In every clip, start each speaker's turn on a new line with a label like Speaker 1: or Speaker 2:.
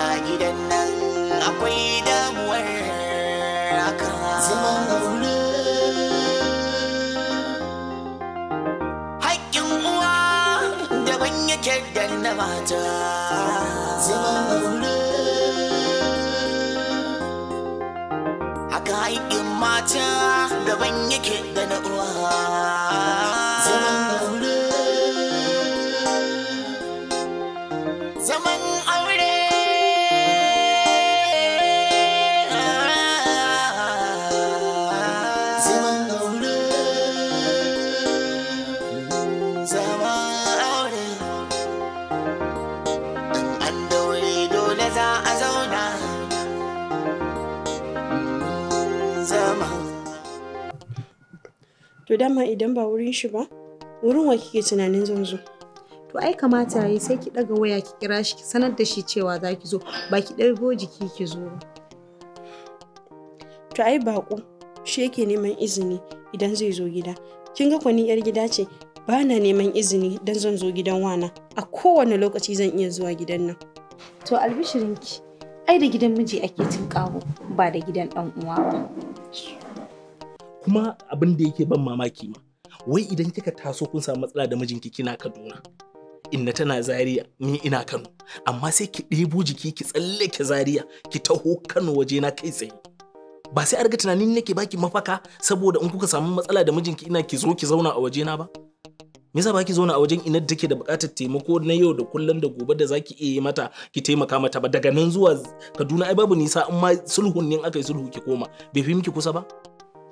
Speaker 1: a gidan nan akwai damuwar haka zaman aure haƙƙin uwa daban yake da na mata zaman aure haka haƙƙin mata daban yake da na uwa
Speaker 2: dama idan ba wurin shi ba, wurin wa kike tunanin zan zo? To ai kamata yayi sai ki ɗaga waya ki
Speaker 3: kira shi ki sanar da shi cewa za ki zo ba ki ɗago jiki ki zo ba.
Speaker 2: To ai baƙo shi yake neman izini idan zai zo gida. Kin ga kwani yar gida ce ba na neman izini don zan zo gidan wana a kowane lokaci zan iya zuwa gidan nan. To albishirinki ai da gidan miji ake tinkawo ba da gidan
Speaker 3: ɗan uwa ba.
Speaker 4: kuma abin da yake ban mamaki ma wai idan kika taso kun samu matsala da mijinki kina kaduna inna tana zaria ni ina kano amma sai ki ɗebo jiki ki tsalle tsallake zaria ki taho kano waje na kai tsaye ba sai arga tunanin nake baki mafaka saboda in kuka samu matsala da mijinki ina ki zo ki zauna a waje na ba me yasa baki zauna a wajen inar take da buƙatar taimako na yau da kullum da gobe da zaki iya yi mata ki taimaka mata ba daga nan zuwa Kaduna ai babu nisa amma sulhun ne aka yi sulhu ki koma bai fi miki kusa ba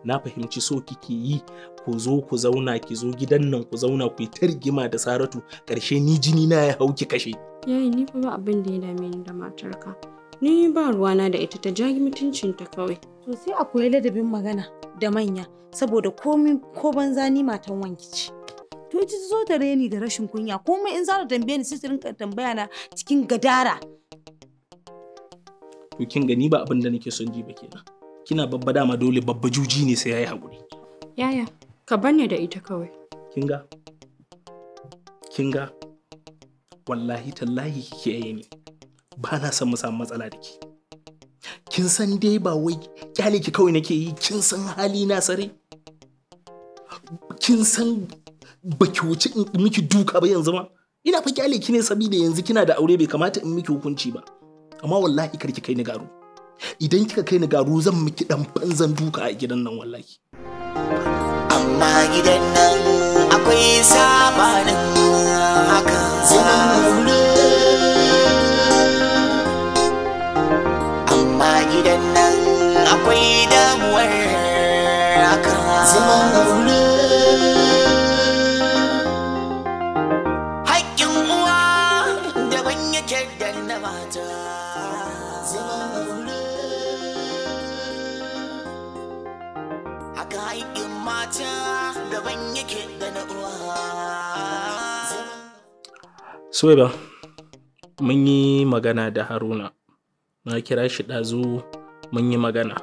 Speaker 4: na fahimci so kike yi ku zo ku zauna ki zo gidan nan ku zauna ku yi ta da saratu karshe ni jini na ya hau ki kashe
Speaker 2: yayi ni fa ba abin da ya dame ni da matarka ni ba ruwana da ita ta jagi mutuncinta kawai
Speaker 3: to sai a koyi ladabin magana da manya saboda komi
Speaker 2: ko banza ni matan
Speaker 3: wanki ce to ita zo ta reni da rashin kunya komai in za ta tambaye ni sai ta tambaya na
Speaker 2: cikin gadara
Speaker 4: to kin gani ba abin da nake son ji ba kenan kina babba dama dole babba juji ne sai yayi hakuri.
Speaker 2: Yaya, ka banne da ita kawai.
Speaker 4: kinga kinga Wallahi tallahi kike yaye ni. Ba na san mu samu matsala da ki. Kin san dai ba wai kyale ki kawai nake yi, kin san hali na sare. Kin san baki wuce in miki duka ba yanzu ma. Ina fa kyale ki ne saboda yanzu kina da aure bai kamata in miki hukunci ba. Amma wallahi kar ki kai ni garu. idan kika kai ni garu zan
Speaker 1: miki dan banzan duka a gidan nan wallahi amma gidan nan akwai sabanin hakan zaune amma gidan nan akwai damuwar hakan zaune
Speaker 4: Suwaiba, mun yi magana da Haruna, na kira shi ɗazu mun yi magana.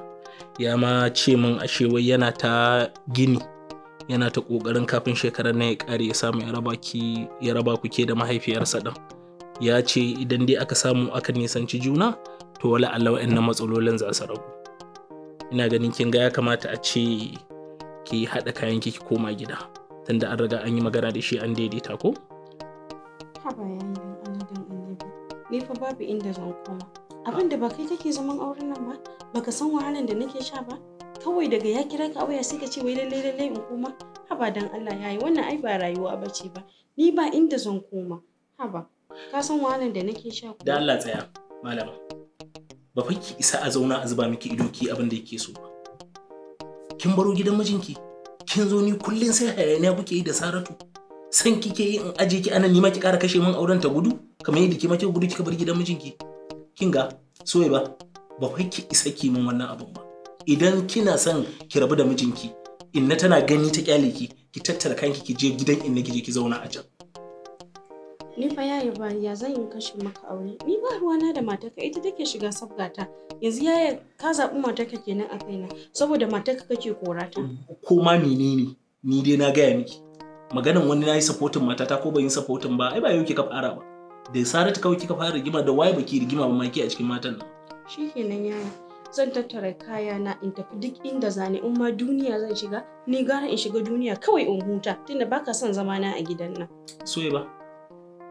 Speaker 4: Ya ma ce min ashe wai yana ta gini, yana ta ƙoƙarin kafin shekarar na ya ƙare ya samu ya raba ku da mahaifiyarsa ɗin. Ya ce idan dai aka samu aka nisanci juna, to wala Allah na matsalolin za su ragu. Ina ganin kin ga ya kamata a ce ki haɗa kayan ki koma gida, tunda an riga an yi magana da shi an daidaita ko?
Speaker 2: haba annabi ni fa babu inda zan koma abin da ba kai kake zaman auren nan ba baka san wahalar da nake sha ba kawai daga ya kira ka waya sai ka ce wai lallai lallai in koma haba dan Allah yayi wannan ai ba rayuwa bace ba ni ba inda zan koma haba ka san wahalar da nake sha ko dan Allah tsaya
Speaker 4: malama ba fa ki isa a zauna a zuba miki ido ki abin da yake so ba kin baro gidan mijinki kin zo ni kullun sai hayaniya kuke yi da Saratu san kike yi in aje ki anan nima ki kara kashe min auren ta gudu kamar yadda ki mace gudu kika bar gidan mijinki kin ga soye ba ba fa ki isa ki min wannan abun ba idan kina son ki rabu da mijinki inna tana gani ta kyale ki ki tattara kanki ki je gidan inna ki je ki zauna a can
Speaker 2: ni fa yaya ba ya zan yi kashe maka aure ni ba ruwana da matarka ita take shiga sabgata yanzu yaya ka zaɓi matarka kenan a kaina saboda matarka kake korata ko
Speaker 4: ma menene ni dai na gaya miki maganan wani na nayi supportin matata ko ban yi supportin ba ai ba yau kika fara ba da Saratu kawai kika fara rigima da waye baki rigima ba maki a cikin matan nan
Speaker 2: shikenan yayi zan tattara kaya na in tafi duk inda zane in ma duniya zan shiga ni gara in shiga duniya kawai in huta tunda baka son zama na a gidan nan
Speaker 4: soye ba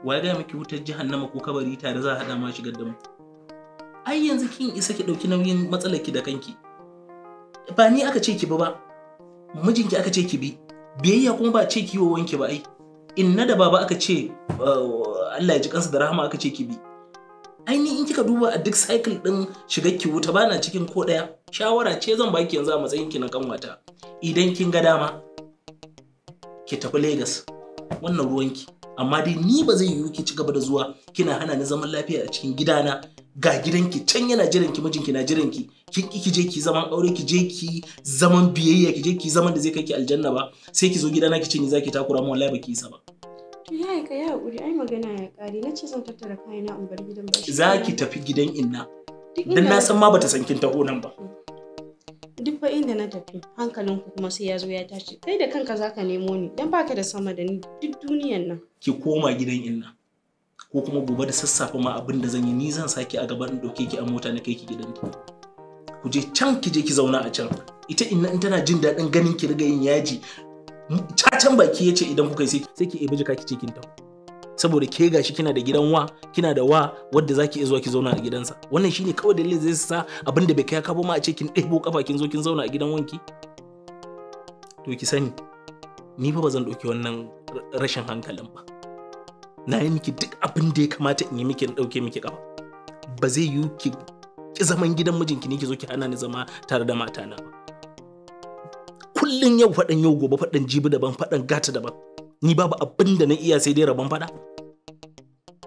Speaker 4: waye ga miki wutar jahannama ko kabari tare za a hada ma shigar da mu ai yanzu kin isa ki dauki nauyin matsalar ki da kanki ba ni aka ce ki ba ba mijinki aka ce ki bi biyayya kuma ba ce kiwo wa wanke ba ai inna da baba aka ce ah, Allah ya ji kansa da rahama aka ce ki bi ni in kika duba a duk cycle din ki wuta bana cikin ko daya shawara ce zan baki yanzu a matsayin ki na kanwata idan kin ga dama ki tafi Lagos wannan ruwan ki. amma dai ni ba zai yiwu ki ci gaba da zuwa kina hana ni zaman lafiya a cikin gidana ga gidanki can yana jiran ki mijinki na jiran ki kin ki je ki zaman aure ki je ki zaman biyayya ki je ki zaman da zai kai ki aljanna ba sai ki zo gidana ki ce ni zaki takura mu wallahi baki isa ba
Speaker 2: to yayi ka ya hakuri ai magana ya kare na ce zan tattara kaina in bar gidan ba zaki tafi
Speaker 4: gidan inna
Speaker 2: dan na san ma bata san
Speaker 4: kin taho nan ba
Speaker 2: duk fa inda na tafi hankalin ku kuma sai ya zo ya tashi kai da kanka zaka nemo ni dan baka da sama da ni duk duniyan nan
Speaker 4: ki koma gidan inna ko kuma gobe da sassafe ma abin da zan yi ni zan saki a gaban dauke ki a mota na kai ki gidan ki ku je can ki je ki zauna a can ita inna in tana jin daɗin ganin ki riga yin yaji cacan baki yace idan kuka yi sai ki ebe jika ki cikin ta saboda ke gashi kina da gidan wa kina da wa wadda zaki iya zuwa ki zauna a gidansa wannan shine kawai dalilin zai sa abin da bai kai ka ba ma a ce kin ɗebo kafa kin zo kin zauna a gidan wanki to ki sani ni fa ba zan ɗauki wannan rashin hankalin ba na yi miki duk abin da ya kamata in yi miki na ɗauke miki kafa ba zai yi ki ki zaman gidan mijinki ne ki zo ki hana ni zama tare da matana ba Kullum yau faɗan yau gobe faɗan jibi daban faɗan gata daban ni babu abin da na iya sai dai rabon fada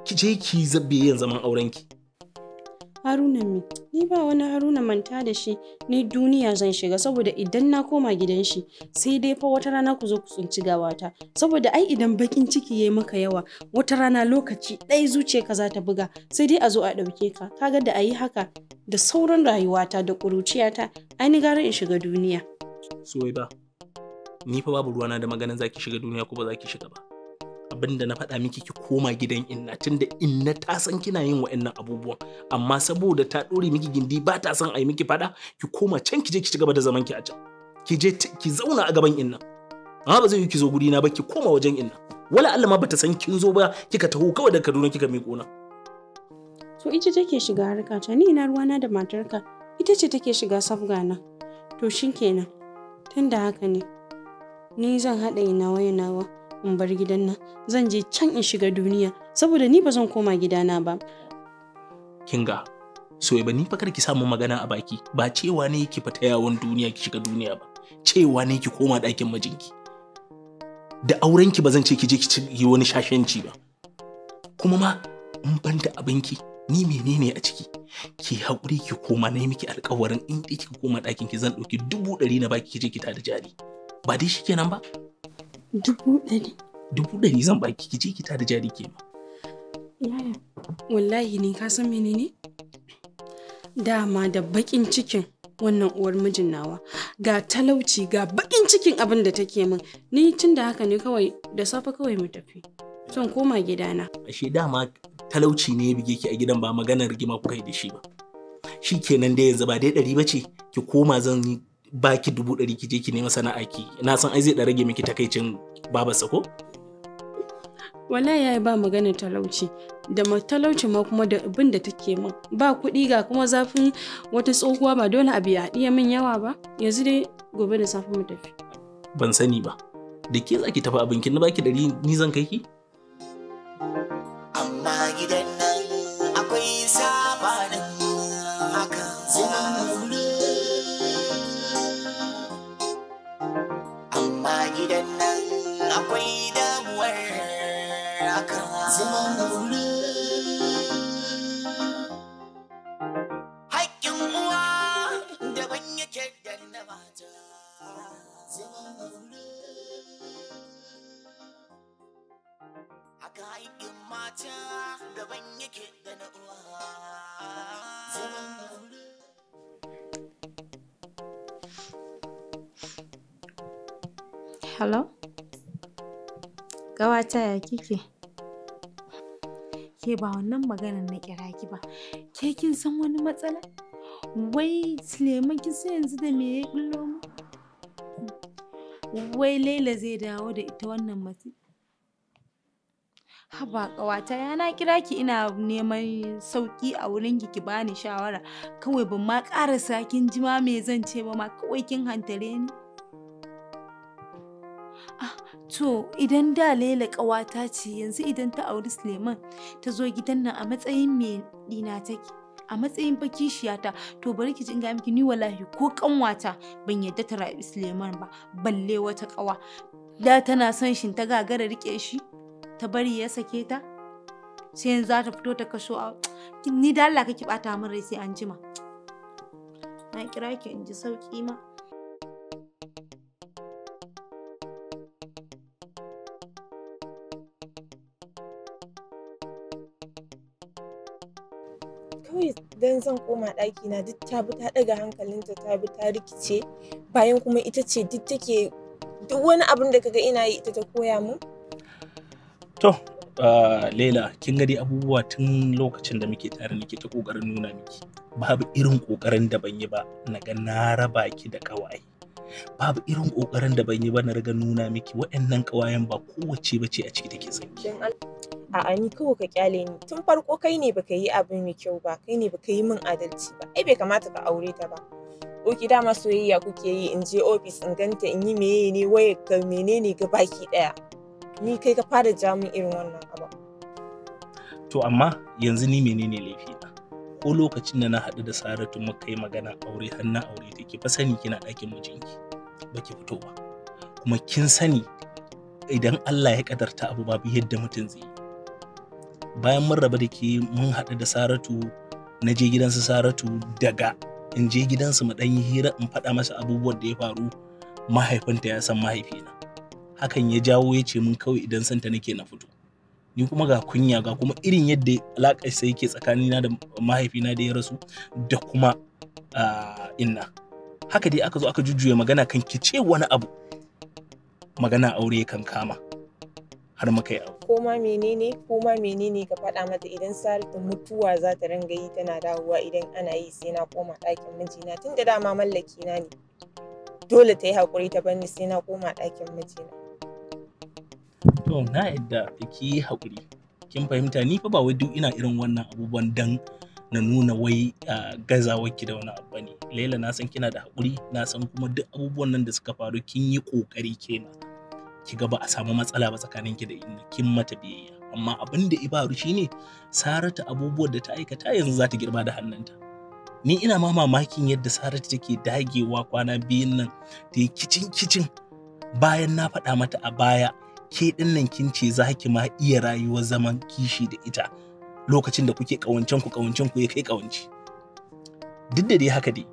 Speaker 4: ki je ki zabe yin zaman auren ki
Speaker 2: haruna mi ni ba wani haruna manta da shi ni duniya zan shiga saboda idan na koma gidan shi sai dai fa wata rana ku zo ku tsunci gawata saboda ai idan bakin ciki yayi maka yawa wata rana lokaci zuciya zuciyarka za ta buga sai dai a zo a ɗauke ka kaga da ayi haka da sauran rayuwata da ƙuruciyata ai ni gara in shiga duniya
Speaker 4: ni fa babu ruwana da maganin zaki shiga duniya ko ba zaki shiga ba abin da na faɗa miki ki koma gidan inna tunda inna ta san kina yin wa'annan abubuwan amma saboda ta ɗore miki gindi ba ta san a miki faɗa ki koma can ki je ki ci gaba da zaman ki a can ki je ki zauna a gaban inna amma ba zai yi ki zo guri na ba ki koma wajen inna wala Allah ma bata san kin zo ba kika taho kawai da Kaduna kika miƙo na
Speaker 2: to ita ke shiga harka ta ni ina ruwana da matarka ita ce take shiga safgana to shin kenan tunda haka ne ni zan haɗa ina nawa in bar gidan nan zan je can in shiga duniya saboda ni ba zan koma gidana ba
Speaker 4: kinga so ba ni fakar ki samu magana a baki ba cewa ne ki fita yawon duniya ki shiga duniya ba cewa ne ki koma ɗakin mijinki da auren ki ba zan ce ki je ki yi wani shashanci ba kuma ma in banda abinki ni menene a ciki ki haƙuri ki koma na yi miki alƙawarin in ki koma ɗakin ki zan ɗauki dubu ɗari na baki ki je ki tada jari ba dai shi kenan ba
Speaker 2: dubu ɗari
Speaker 4: dubu ɗari zan baki ki je ki jari ke ma
Speaker 2: yaya wallahi ni ka san menene dama da baƙin cikin wannan uwar mijin nawa ga talauci ga baƙin cikin abin da take min ni tun da haka ne kawai da safe kawai mu tafi son koma gidana
Speaker 4: ashe dama talauci ne ya bige ki a gidan ba maganar rigima kuka yi da shi ba shi kenan da yanzu ba dai ɗari ba ce ki koma zan baki dubu ɗari ki je ki nema sana'a ki na san ai zai da rage miki takaicin baba ko
Speaker 2: wallahi yayi ba magana talauci da talauci ma kuma da abin da take min ba kuɗi ga kuma zafin wata tsohuwa ba dole a ya iya min yawa ba yanzu dai gobe da safe mu tafi
Speaker 4: ban sani ba da ke zaki tafi abin kin na baki ɗari ni zan kai ki
Speaker 1: amma gidan nan akwai sabanin
Speaker 3: Hajjata ya kike? Ke ba wannan maganar na kira ki ba. Ke kin san wani matsala? Wai Suleiman kin san yanzu da me ya bullo mu? Wai Laila zai dawo da ita wannan matsi. Haba kawata ya na kira ki ina neman sauki a wurin ki ki bani shawara. Kawai ban ma ƙara sakin jima me zan ce ba ma kawai kin hantare ni. To idan da Laila ƙawata ce yanzu idan ta auri Suleiman ta zo gidan nan a matsayin me dina take. A matsayin bakishiyata to bari ki jinga miki ni wallahi ko kanwata ban yadda ta rabi Suleiman ba balle wata ƙawa. Da tana son shin ta gagara rike shi ta bari ya sake ta sai yanzu za ta fito ta kaso a ni da Allah kake bata min rai sai an jima. Na kira ki in ji sauki ma.
Speaker 5: bayan zan koma ɗaki na duk ta bi ta ɗaga hankalinta ta bi ta rikice bayan kuma ita ce duk take duk wani abin da kaga ina yi ita ta koya mu
Speaker 4: to Lela, kin ga dai abubuwa tun lokacin da muke tare nake ta kokarin nuna miki babu irin kokarin da ban yi ba na ga na raba ki da kawai babu irin kokarin da ban yi ba na riga nuna miki waɗannan kawayen ba kowace bace a ciki take
Speaker 5: sanki a'a ni kawai ka kyale ni tun farko kai ne baka yi abin mai kyau ba kai ne baka yi min adalci ba ai bai kamata ka aure ta ba oki dama soyayya kuke yi in je ofis in ganta in yi meye ne waye ka menene ga baki daya ni kai ka fara ja min irin wannan abu
Speaker 4: to amma yanzu ni menene laifi na ko lokacin da na haɗu da saratu muka yi magana aure har na aure take fa sani kina ɗakin mijinki baki fito ba kuma kin sani idan Allah ya kadarta abu babu yadda mutum zai yi bayan mun raba da ke mun haɗu da saratu na je gidansu saratu daga in je gidansu mu ɗan yi hira in faɗa masa abubuwan da ya faru mahaifinta ya san mahaifina hakan ya jawo ya ce mun kawai idan santa nake na fito ni kuma ga kunya ga kuma irin yadda alaƙar sai yake tsakanina da mahaifina da ya rasu da kuma inna haka dai aka zo aka jujjuya magana kan ki ce wani abu magana aure kan kama har muka yi abu.
Speaker 5: Koma menene koma menene ka faɗa mata idan Saratu mutuwa za ta ringa yi tana dawowa idan ana yi sai na koma ɗakin mijina tun da dama mallaki na ne. Dole ta yi haƙuri ta bani sai na koma ɗakin mijina.
Speaker 4: To na yadda ki yi haƙuri. Kin fahimta ni fa ba wai duk ina irin wannan abubuwan dan na nuna wai gazawar ki da wani abu bane. Laila na san kina da haƙuri na san kuma duk abubuwan nan da suka faru kin yi ƙoƙari kenan. ki ga ba a samu matsala ba tsakanin ki da kin mata biyayya amma abin da ibaru shine Saratu abubuwan da ta aikata yanzu za ta girma da hannunta ni ina ma mamakin yadda Saratu take dagewa kwana biyun nan ta yi kicin kicin bayan na faɗa mata a baya ke ɗin nan kin ce za ki ma iya rayuwar zaman kishi da ita lokacin da kuke ƙawancen ku ƙawancen ku ya kai ƙawanci duk da dai haka dai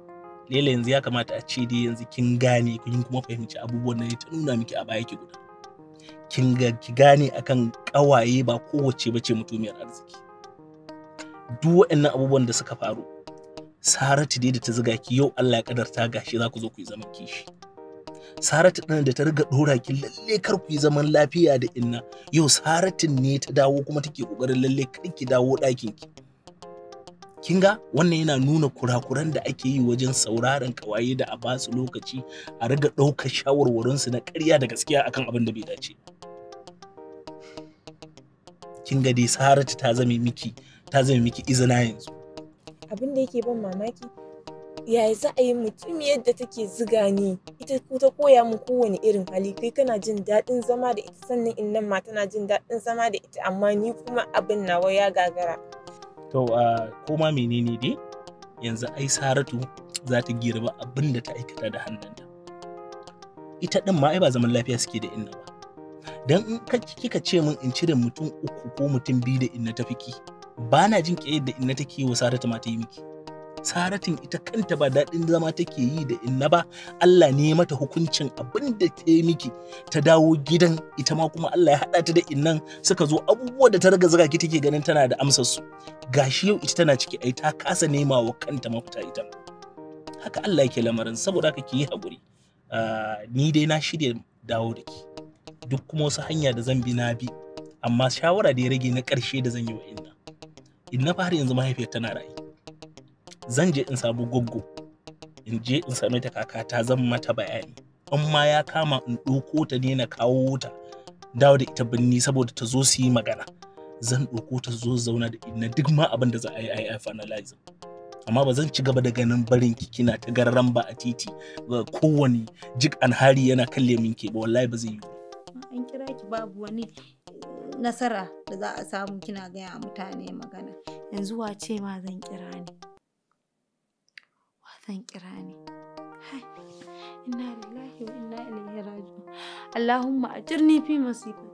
Speaker 4: lela yanzu ya kamata a ce dai yanzu kin gane kun kuma fahimci abubuwan da ta nuna miki a baya ki guda kin ga ki gane akan kawaye ba kowace bace mutumiyar arziki duk waɗannan abubuwan da suka faru saratu dai da ta ziga ki yau Allah ya kadarta gashi za ku zo ku yi zaman kishi saratu ɗin da ta riga ɗora ki lalle kar ku yi zaman lafiya da inna yau Saratu ne ta dawo kuma take ƙoƙarin lalle kar ki dawo ɗakin ki kin ga wannan yana nuna kurakuran da ake yi wajen sauraron kawaye da a basu lokaci a riga ɗaukar shawarwarinsu na ƙarya da gaskiya akan abin da bai dace ba kin gade, Saratu ta zame miki ta zame miki izina yanzu
Speaker 5: abin da yake ban mamaki yaya za a yi mutum yadda take ziga ni ita ta koya mu kowane irin hali kai kana jin daɗin zama da ita sannan in nan ma tana jin daɗin zama da ita amma ni kuma abin nawa ya gagara
Speaker 2: to
Speaker 4: a koma menene dai yanzu ai saratu za ta girba abin da ta aikata da hannunta ita ɗin ma ai ba zaman lafiya suke da inna ba don in kika ce min in cire mutum uku ko mutum biyu da inna tafi ki ba na jin ƙiyar da inna take yi wa saratu ma ta yi miki saratin ita kanta ba daɗin zama take yi da inna ba Allah ne mata hukuncin abin da ta yi miki ta dawo gidan ita ma kuma Allah ya haɗa ta da innan suka zo abubuwa da ta raga zaga ki take ganin tana da amsar su gashi yau ita tana ciki ai ta kasa nema wa kanta mafita ita haka Allah yake lamarin saboda haka ki yi hakuri. Ah, ni dai na shirya dawo da ki duk kuma wasu hanya da zan bi na bi amma shawara da ya rage na ƙarshe da zan yi wa inna Inna fa har yanzu mahaifiyar tana rayu zan je in samu goggo in je in sami ta kaka ta zan mata bayani in ma ya kama in ɗauko ta ne na kawo ta dawo da ita birni saboda ta zo su yi magana zan ɗauko ta zo zauna da inna duk ma abin da za a yi a yi finalizing amma ba zan ci gaba da ganin barin kikina kina ta gararan ba a titi kowane jik an hari yana kalle min ke ba wallahi ba zai yi an kira ki
Speaker 3: babu wani nasara da za a samu kina gaya mutane magana yanzu wace ma zan kira ne wa zan kira ne inna lillahi wa inna ilaihi raji'un allahumma ajirni fi masifa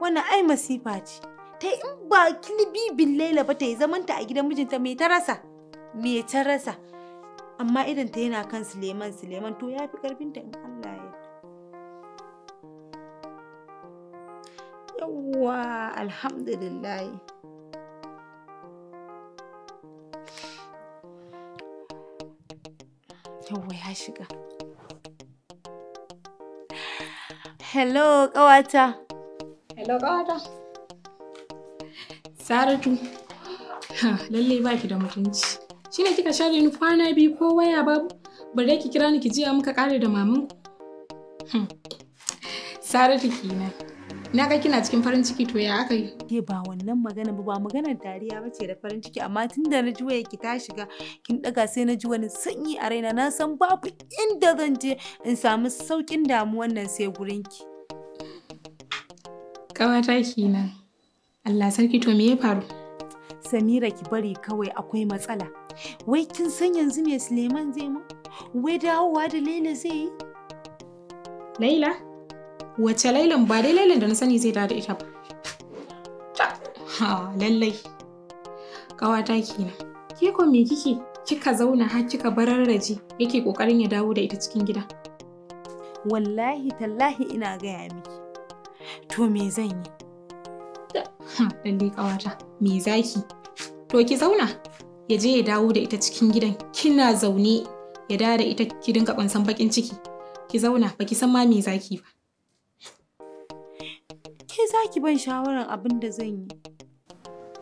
Speaker 3: wannan ai masifa ce ta in ba kilibi billaila ba ta yi zamanta a gidan mijinta me ta rasa me ta rasa amma idan ta yana kan Suleiman Suleiman to ya fi karfinta in Allah yawwa alhamdulillah yawwa ya shiga hello ƙawata hello ƙawata saratu lalle
Speaker 6: ba ki da mutunci shine kika share ni kwana biyu ko waya babu bare ki kira ni ki jiya
Speaker 3: muka kare da mamanku saratu kenan Na ga kina cikin farin ciki to ya aka yi? Ke ba wannan magana ba ba maganar dariya ba ce da farin ciki amma tun da na ji waya ki ta shiga kin daga sai na ji wani sanyi a raina na san babu inda zan je in samu saukin damuwan nan sai gurin ki.
Speaker 6: Kawata kenan. Allah sarki to me ya faru?
Speaker 3: Samira ki bari kawai akwai matsala. Wai kin san yanzu me Suleiman zai mu? Wai dawowa da Laila zai yi? Laila? wace lailan ba dai lailan da na sani zai
Speaker 6: da ita ba ha lallai kawata kenan ke ko me kike kika zauna har kika bararraje yake kokarin ya dawo da ita cikin gida
Speaker 3: wallahi tallahi ina gaya miki to me
Speaker 6: zan yi lallai kawata me zaki to ki zauna ya je ya dawo da ita cikin gidan kina zaune ya dawo da ita ki dinga kwansan bakin ciki ki zauna baki san ma me zaki ba za ki ban shawarar abin da zan yi.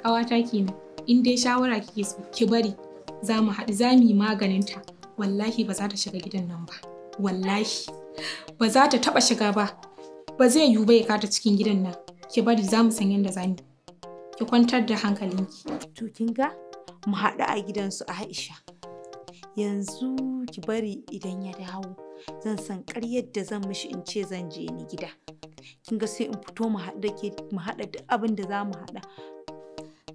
Speaker 6: Ƙawata kenan, in dai shawara kike so ki bari za mu haɗu za mu yi maganinta wallahi ba za ta shiga gidan nan ba. Wallahi ba za ta taɓa shiga ba. Ba zai yiwu ba ya kata cikin gidan nan.
Speaker 3: Ki bari za mu san yadda za mu Ki kwantar da hankalinki. To kin ga mu haɗu a gidan su Aisha. Yanzu ki bari idan ya dawo zan san ƙaryar da zan mishi in ce zan je ni gida. kin ga sai in fito mu haɗa ke mu haɗa duk abin da za mu haɗa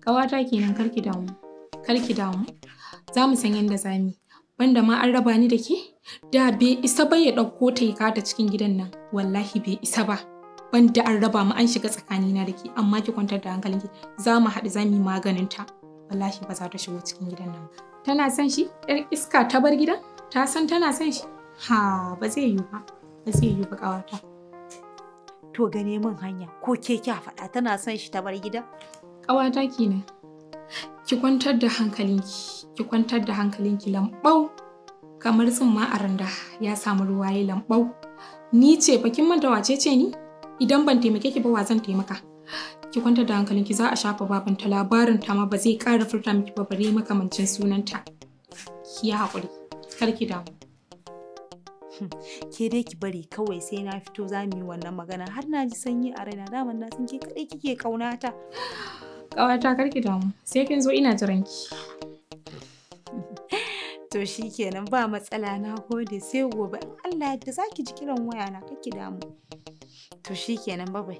Speaker 3: ƙawata kenan karki damu
Speaker 6: karki damu za mu san yadda za mu yi banda ma an raba ni da ke da bai isa ba ya ɗauko ta yi kata cikin gidan nan wallahi bai isa ba banda an raba mu an shiga tsakanina da ke amma ki kwantar da ki za mu haɗu za mu yi maganin ta wallahi ba za ta shigo cikin gidan nan tana son shi yar iska ta bar gidan ta san tana son shi ha
Speaker 3: ba zai yiwu ba ba zai yiwu ba ƙawata to gane min hanya ko keke kya faɗa tana son shi ta bar gida ƙawata ki ki kwantar da
Speaker 6: hankalinki ki kwantar da hankalinki lambau kamar tsumma a randa ya samu ruwa ya lambau ni ce fa kin manta wace ce ni idan ban taimake ki ba wa zan taimaka ki kwantar da hankalinki za a shafa babanta labarin ta ma ba zai ƙara furta miki ba bare
Speaker 3: makamancin sunanta ki hakuri, kar ki damu Hm. ke dai ki bari kawai sai na fito za mu yi wannan magana har na ji sanyi a raina daman na san ke kadai kike kaunata kawata karki damu sai kin zo ina jiran ki to shikenan ba matsala na gode sai gobe Allah yadda zaki ji kiran waya na kake damu to shikenan babai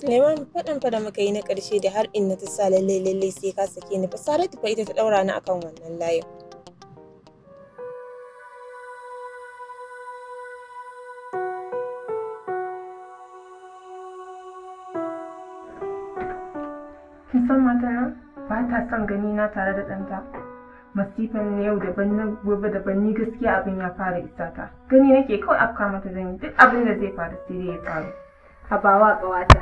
Speaker 5: Suleiman faɗin fa da muka yi na ƙarshe da har inna ta sa lallai lallai sai ka sake ni ba Saratu fa ita ta ɗaura ni akan wannan layin. kin san mata ba ta son gani na tare da ɗanta masifan na yau da ban gobe da ni gaskiya abin ya fara isa ta gani nake kawai afka mata zan duk abin da zai faru sai dai ya faru bawa ƙawata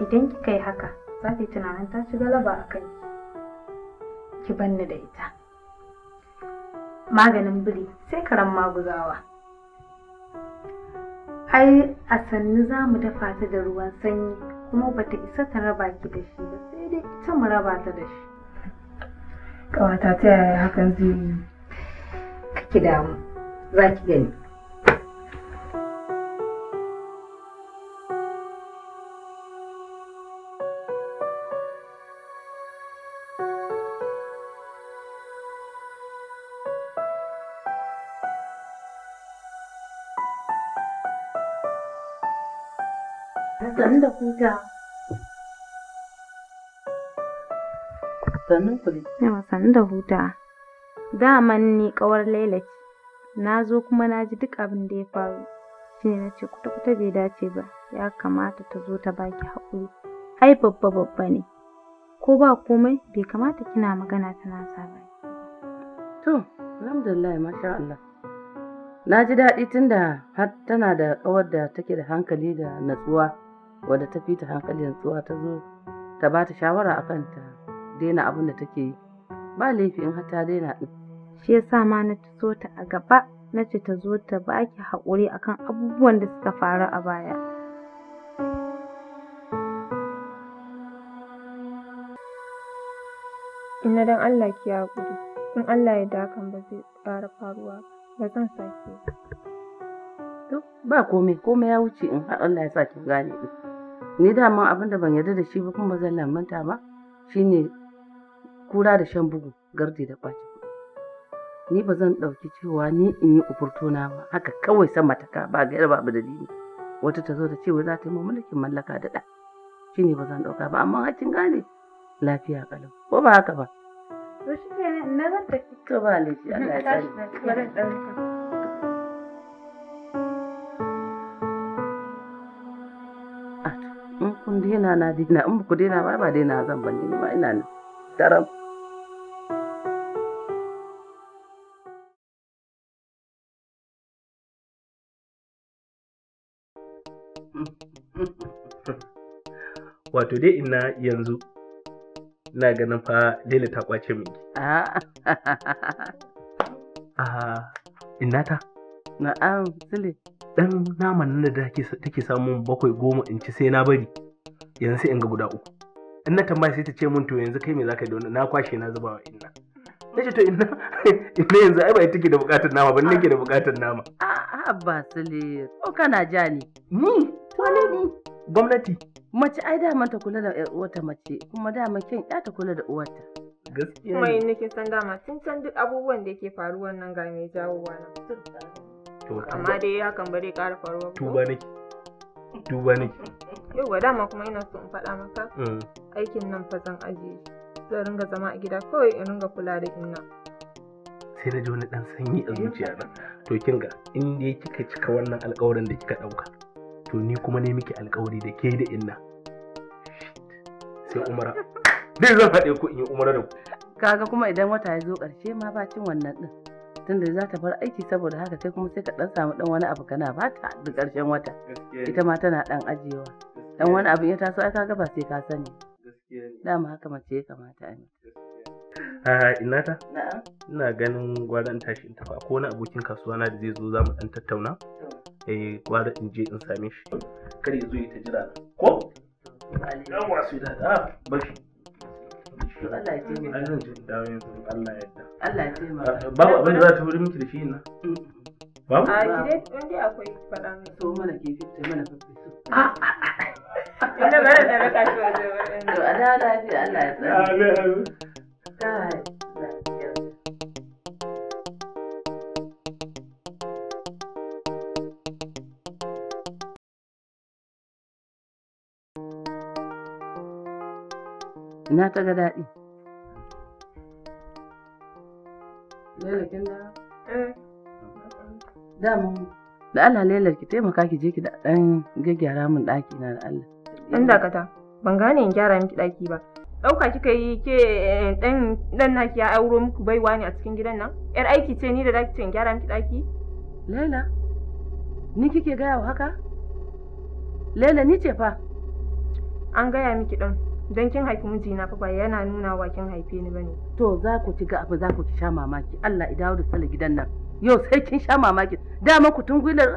Speaker 5: idan kika yi haka za ta yi tunanin ta ci galaba a kai
Speaker 3: ki banni da ita maganin biri sai karan maguzawa ai a sannu za mu dafa ta da ruwan sanyi kuma bata isa ta raba ki da shi ba daidai dai ita mu raba ta da
Speaker 7: shi
Speaker 5: ƙawata ta yaya hakan zai yi kake
Speaker 3: damu za ki gani Yeah. Sannan ku Yawa sannu da huta. Daman ni ƙawar Laila ce. Na zo kuma na ji duk abin da ya faru. Shi ne na ce kwata-kwata bai dace ba. Ya kamata ta zo ta baki haƙuri. Ai babba babba ne. Ko ba komai bai kamata kina magana tana sa ba.
Speaker 7: To, alhamdulillah masha Allah. Na ji daɗi tunda har tana da ƙawar da take da hankali da natsuwa wadda ta fi ta hankali natsuwa ta zo ta ba ta shawara a kanta. daina abin da take yi ba laifi in har ta daina din shi yasa ma na so ta a
Speaker 3: gaba na ce ta zo ta baki haƙuri akan abubuwan da suka faru a baya
Speaker 5: inna dan Allah ki haƙuri in Allah ya da hakan ba zai ƙara faruwa ba zan sake
Speaker 7: to ba komai komai ya wuce in har Allah ya sa ki gane ni dama abin da ban yarda da shi ba kuma ba zan lamanta ba shine kura da shan bugu gardi da ɓaci ni ba zan ɗauki cewa ni in yi na ba haka kawai san mataka ba ga gaira babu dalili wata ta zo da cewa za ta yi mulkin mallaka da ɗa shi ne ba zan ɗauka ba amma hakin gane lafiya kalau ko ba haka ba
Speaker 3: to shi ne na zan tafi to ba laifi Allah ya tsare
Speaker 7: in kun daina na daina in ku daina ba ba daina zan ban ni ma ina
Speaker 1: daram
Speaker 4: wato dai ina yanzu ina ganin fa Laila ta kwace min
Speaker 7: a ah.
Speaker 4: ah, ina ta na'am sile dan naman nan da take samun bakwai goma in ci sai na bari yanzu sai in ga guda uku in na tambaya sai ta ce mun to yanzu kai me zaka yi da na kwashe na zuba wa ina. na ce to ina ina yanzu ai ba take da bukatar nama ban nake da bukatar nama
Speaker 7: a'a ah, ba sile ko kana ja ni ni gwamnati mace ai da ta kula da uwata uwarta mace kuma dama kyan ƴa ta kula da uwarta gaskiya kuma in
Speaker 5: nake san dama tun san duk abubuwan da yake faruwa nan ga mai jawowa na amma dai hakan ba zai ƙara faruwa ba tuba
Speaker 4: nake tuba ne.
Speaker 5: yauwa dama kuma ina so in faɗa maka mm. aikin nan fa zan ajiye zan ringa zama a gida kawai in ringa kula da ina.
Speaker 4: sai na ji wani ɗan sanyi a eh. zuciya na to kinga in dai kika cika wannan alƙawarin da kika ɗauka to ni kuma ne miki alkawari da ke da inna sai umara dai zan faɗe ku in
Speaker 7: yi umara da ku kaga kuma idan wata ya zo ƙarshe ma ba cin wannan ɗin tunda za ta bar aiki saboda haka sai kuma sai ka ɗan samu ɗan wani abu kana ba ta da ƙarshen wata ita ma tana ɗan ajiyewa Dan wani abu ya taso ai kaga ba sai ka sani dama haka mace ya kamata a
Speaker 4: yi ina ta? Ina ganin gwaran tashi in tafi ko wani abokin kasuwa na da zai zo za mu ɗan tattauna. eh gwara in je in same shi kar ya zo ya ta jira ko yawwa sai da a bashi Allah
Speaker 5: ya
Speaker 7: Allah ya taimaka. Allah ya taimaka. Allah ya Babu abin da za ta wuri miki da shi na. Babu? A gidai
Speaker 5: wanda akwai faɗa
Speaker 7: To mana ke fitta mana fitta. Ah, ah,
Speaker 5: ah, Ina ba da raka shi wajen wajen. To Allah ya lafiya Allah ya tsare.
Speaker 1: Amin.
Speaker 7: Ina ta ga daɗi. Eh. da? Allah lelar ki taimaka ki je ki da ɗan gyaggyara min ɗaki na da Allah. Ɗan dakata, ban gane in gyara miki ɗaki ba.
Speaker 5: Ɗauka kika yi ke eh, ɗan ɗan naki ya auro muku baiwa ne a cikin gidan nan? ‘Yar aiki ce ni da daki ce in gyara miki ɗaki? Laila,
Speaker 7: ni kike gaya wa haka? Laila
Speaker 5: ni ce fa. An gaya miki ɗan. dan kin haifi mijina fa ba yana nuna wa
Speaker 7: kin haife ni bane to za ku ci ga abu za ku ci sha mamaki Allah idan dawo da sala gidan nan yau sai kin sha mamaki dama ku tungular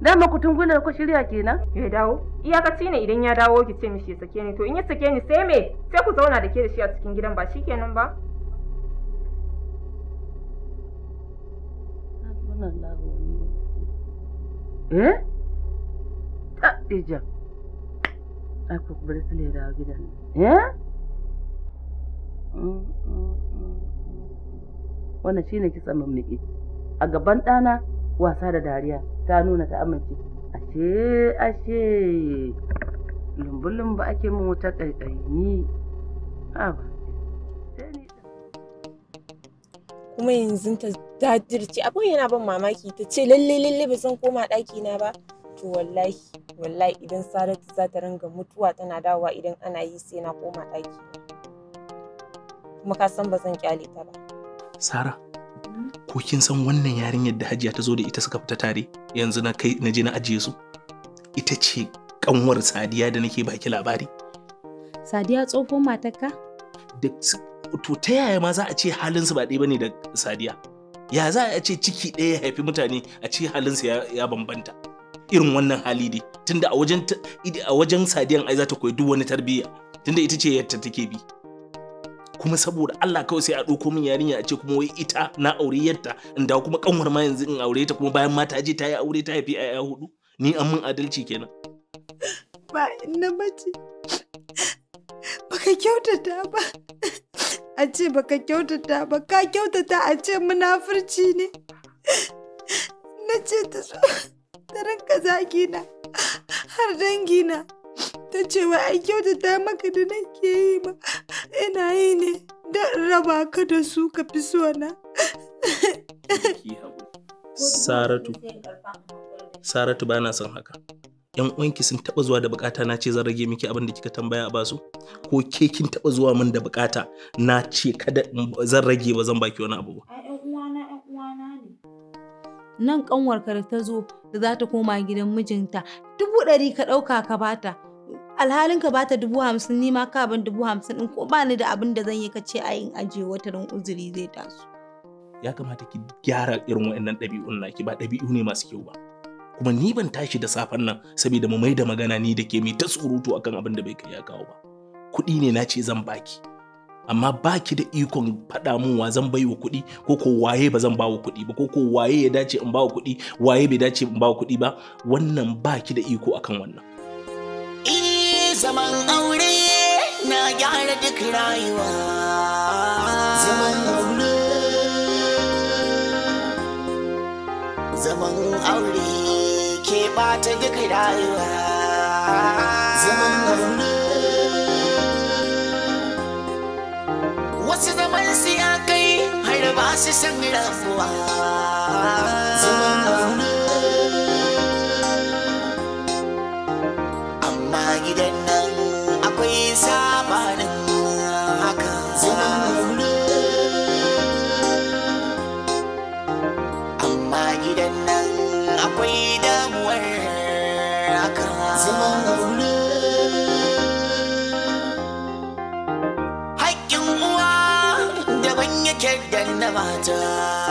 Speaker 7: dama ku tungular ku shirya kenan
Speaker 5: ya dawo ka ne idan ya dawo ki ce mishi ya sake ni to in ya sake ni sai me sai ku zauna da ke da shi a cikin gidan ba shikenan ba
Speaker 7: Eh? Ta ai ku bari su ya dawo gidan eh wannan shine kitsan mammiki a gaban ɗana wasa da dariya ta nuna ta amince ashe ashe lumbulun ba ake min wuta ƙaiƙayi ni
Speaker 5: kuma yanzu ta jajirce abin yana ban mamaki ta ce lalle lalle ba zan koma ɗakina ba to wallahi wallahi idan saratu za ta ringa mutuwa tana dawowa idan ana yi sai na koma ɗaki kuma ka san ba zan kyale ta ba
Speaker 4: sara ko kin san wannan yarinyar da hajiya ta zo da ita suka fita tare yanzu na kai na je na ajiye su ita ce kanwar sadiya da nake baki labari
Speaker 3: sadiya tsohon matarka
Speaker 4: da to ta yaya ma za a ce halinsu ba ɗaya bane da sadiya ya za a ce ciki ɗaya ya haifi mutane a ce halinsu ya bambanta irin wannan hali dai tunda a wajen a wajen sadiyan ai za ta koyi duk wani tarbiyya tunda ita ce yadda take bi kuma saboda Allah kawai sai a ɗauko min yarinya a ce kuma wai ita na aure yadda in dawo kuma kanwar ma yanzu in aure ta kuma bayan mata ta je ta yi aure ta haifi ayya hudu ni an mun adalci kenan
Speaker 3: ba inna mace baka kyautata ba a ce baka kyautata ba ka kyautata a ce munafurci ne na ce ta so ta rinka zagi na har dangi na ta ce wa ai kyautata maka da nake yi ma ina yi ne don raba ka da su ka fi so na
Speaker 4: saratu saratu bana son haka yan uwanki sun taba zuwa da bukata na ce zan rage miki abin da kika tambaya a basu ko ke kin taba zuwa min da bukata na ce kada zan rage ba zan baki wani abu
Speaker 3: ba nan kanwarka da ta zo da za ta koma gidan mijinta dubu ɗari ka ɗauka ka bata alhalin ka bata dubu hamsin nima ka ban dubu hamsin ɗin ko ba da abin da zan yi ka ce a yin ajiye wata don uzuri zai taso.
Speaker 4: ya kamata ki gyara irin waɗannan ɗabi'un naki ba ɗabi'u ne masu kyau ba kuma ni ban tashi da safen nan saboda mu mai da magana ni da ke mai ta surutu akan abin da bai kai ya kawo ba kuɗi ne na ce zan baki. amma ba ki da ikon faɗa mun wa zan bai wa kuɗi ko ko waye ba zan ba wa kuɗi ba ko ko waye ya dace in ba wa kuɗi waye bai dace in ba wa kuɗi ba wannan ba ki da iko akan wannan.
Speaker 1: zaman aure na gyara duk rayuwa. Zaman aure. Zaman aure ke ɓata duk rayuwa. Zaman aure. wasu zaman su ya kai har ba su san rafuwa amma gidan nan akwai sabanin mata